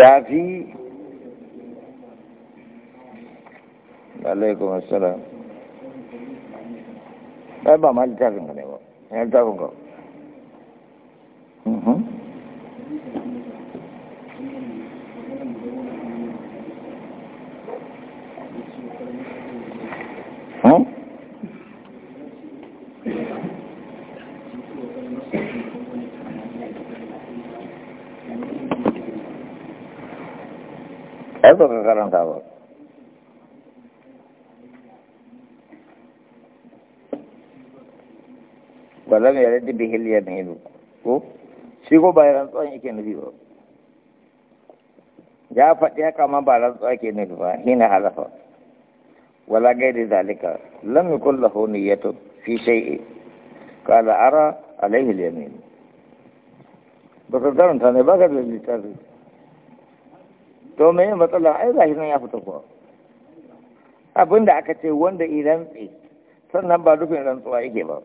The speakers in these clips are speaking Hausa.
الشافعي عليكم السلام طيب ما لتاكم كده ما لتاكم كده ai ba ka karanta ba balam ya rade bi hilya na ido ko shi ko ba rantsuwan yake nufi ba ya faɗi haka ma ba rantsuwa ke nufi ba hina halafa wala gairi zalika lam yakul lahu niyyatu fi shay'i qala ara alaihi al-yamin baka karanta ne ba ka da littafi to me matsala ai gashi nan ya fito kuwa abin da aka ce wanda idan tse sannan ba rufin rantsuwa yake ba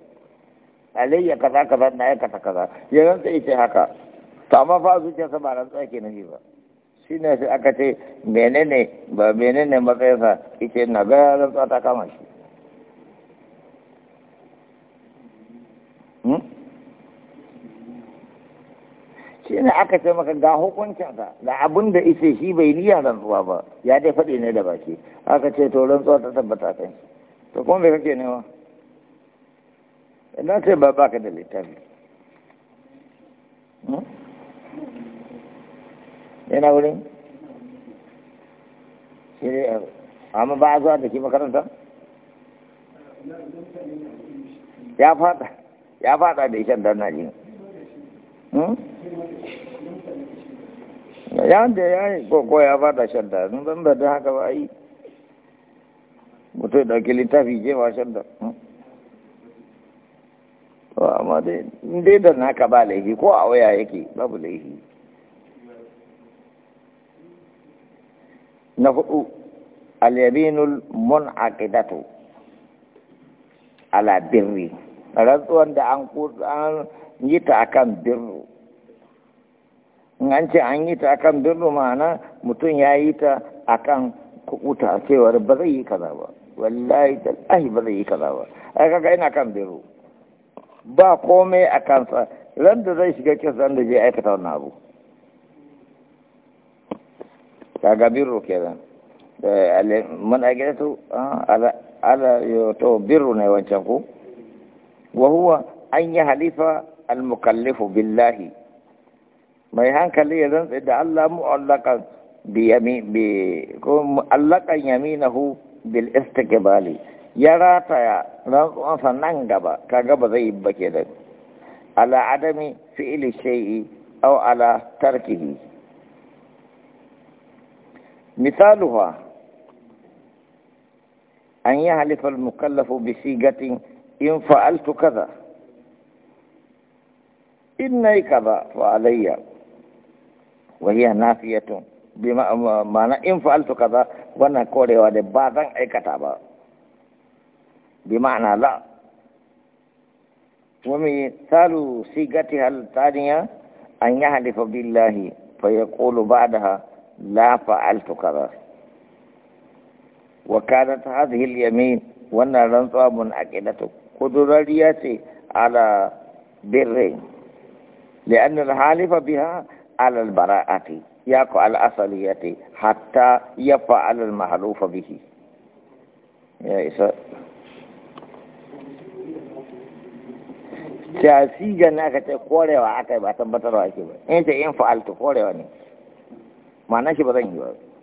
alayya kaza kaza na aikata kaza ya rantsa yake haka to amma fa zuciyarsa ba rantsuwa yake nufi ba shi ne sai aka ce menene ba menene matsayinsa yake na ga rantsuwa ta kama shi hmm? shi ne aka ce maka ga hukuncinsa da abin da ice shi bai niyya rantsuwa ba ya dai faɗi ne da baki aka ce to rantsuwa ta tabbata kan shi to kuma bai kake nema idan sai ba baka da littafi hmm? yana wurin shi ne amma ba a zuwa da ke makaranta ya fada ya fada da ishan dan na jini hmm? ya da ya yi koko ya fada shadda sun san da haka ba yi mutum ɗauki littafi jewa shadda to amma dai da naka ba laifi ko a waya yake babu laifi na hudu alyaminul munaqidatu ala birri rantsuwan da an yita ah, ta akan birru in an ce an yi ta akan birru ma'ana mutum ya yi ta akan kukuta cewar ba zai yi kaza ba wallahi lahi ba zai yi kaza ba ai kaga ina kan birru ba komai a kansa ran da zai shiga kisa ran da zai aikata wani abu kaga birru kenan man eh, agiratu ah, ala ala to birru ne wancan ku wa huwa an yi halifa al mukallifu billahi ما يهان كلي يدنس إذا الله مؤلقا بيمين بي مؤلقا يمينه بالاستقبالي يرى تايا نظر أنسان ننقب كغب ذيب بكيدا على عدم فعل الشيء أو على تركه مثالها أن يحلف المكلف بسيقة إن فعلت كذا إني كذا فعليا وهي نافية بما أنا إن فعلت كذا وانا كوري وادي بعضا أي كتابة بمعنى لا ومثال صيغتها الثانية أن يحلف بالله فيقول بعدها لا فعلت كذا وكانت هذه اليمين وانا رنطوى منعقدة قدرانية على بر لأن الحالف بها alal bara'ati ya ku te hatta ya fa alal mahalufa bihi ya isa tasigar na aka ce korewa aka yi ba tabbatarwa ake ba in ce in fa'altu korewa ne ma shi ba zan yi ba